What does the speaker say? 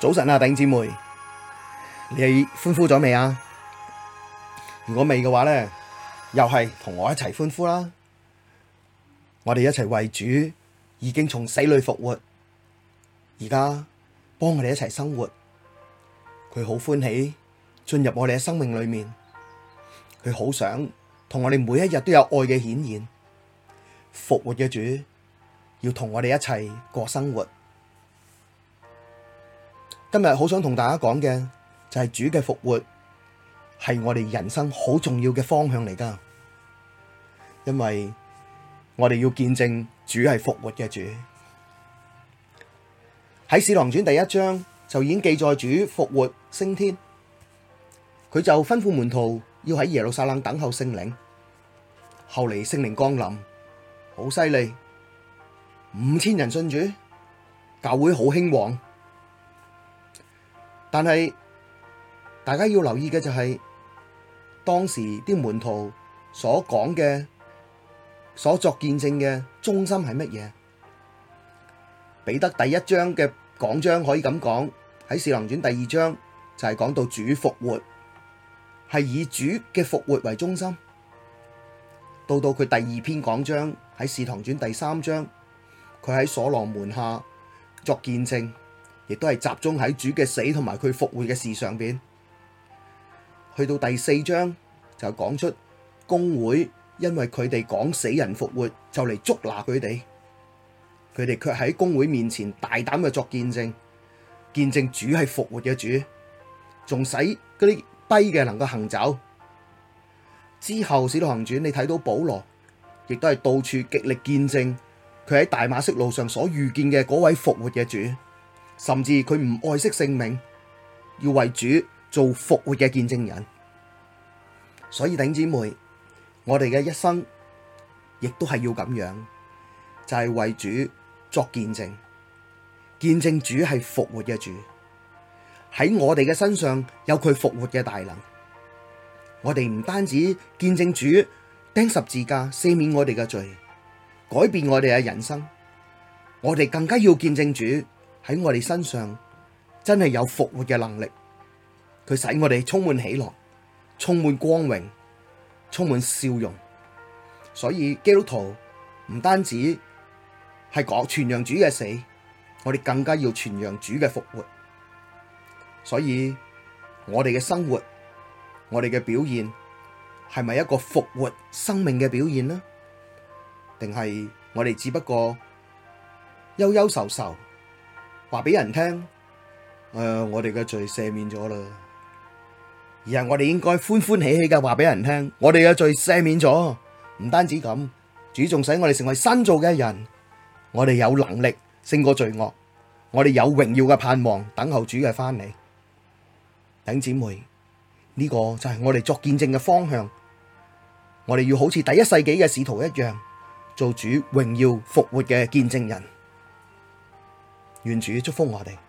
早晨啊，頂姐妹，你歡呼咗未啊？如果未嘅話咧，又係同我一齊歡呼啦！我哋一齊為主已經從死裏復活，而家幫我哋一齊生活。佢好歡喜進入我哋嘅生命裏面，佢好想同我哋每一日都有愛嘅顯現。復活嘅主要同我哋一齊過生活。今日好想同大家講嘅就係主嘅復活係我哋人生好重要嘅方向嚟㗎，因為我哋要見證主係復活嘅主。喺《使徒行傳》第一章就已經記載主復活升天，佢就吩咐門徒要喺耶路撒冷等候聖靈。後嚟聖靈降臨，好犀利，五千人信主，教會好興旺。但係，大家要留意嘅就係、是、當時啲門徒所講嘅、所作見證嘅中心係乜嘢？彼得第一章嘅講章可以咁講，喺《使徒行傳》第二章就係講到主復活，係以主嘅復活為中心。到到佢第二篇講章喺《使徒行傳》第三章，佢喺所羅門廊下作見證。亦都係集中喺主嘅死同埋佢復活嘅事上面，去到第四章就講出公會因為佢哋講死人復活就嚟捉拿佢哋，佢哋卻喺公會面前大膽嘅作見證，見證主係復活嘅主，仲使嗰啲跛嘅能夠行走。之後使徒行傳你睇到保羅亦都係到處極力見證佢喺大馬色路上所遇見嘅嗰位復活嘅主。甚至佢唔愛惜性命，要為主做復活嘅見證人。所以頂姊妹，我哋嘅一生亦都係要咁樣，就係為主作見證，見證主係復活嘅主，喺我哋嘅身上有佢復活嘅大能。我哋唔單止見證主釘十字架赦免我哋嘅罪，改變我哋嘅人生，我哋更加要見證主。喺我哋身上真係有復活嘅能力，佢使我哋充滿喜樂、充滿光榮、充滿笑容。所以基督徒唔單止係講傳揚主嘅死，我哋更加要傳揚主嘅復活。所以我哋嘅生活，我哋嘅表現係咪一個復活生命嘅表現呢？定係我哋只不過憂憂愁愁？話俾人聽，誒，我哋嘅罪赦免咗啦，而係我哋應該歡歡喜喜嘅話俾人聽，我哋嘅罪赦免咗，唔單止咁，主仲使我哋成為新造嘅人，我哋有能力勝過罪惡，我哋有榮耀嘅盼望等候主嘅翻嚟。弟兄姊妹，呢個就係我哋作見證嘅方向，我哋要好似第一世紀嘅使徒一樣，做主榮耀復活嘅見證人。願主祝福我哋。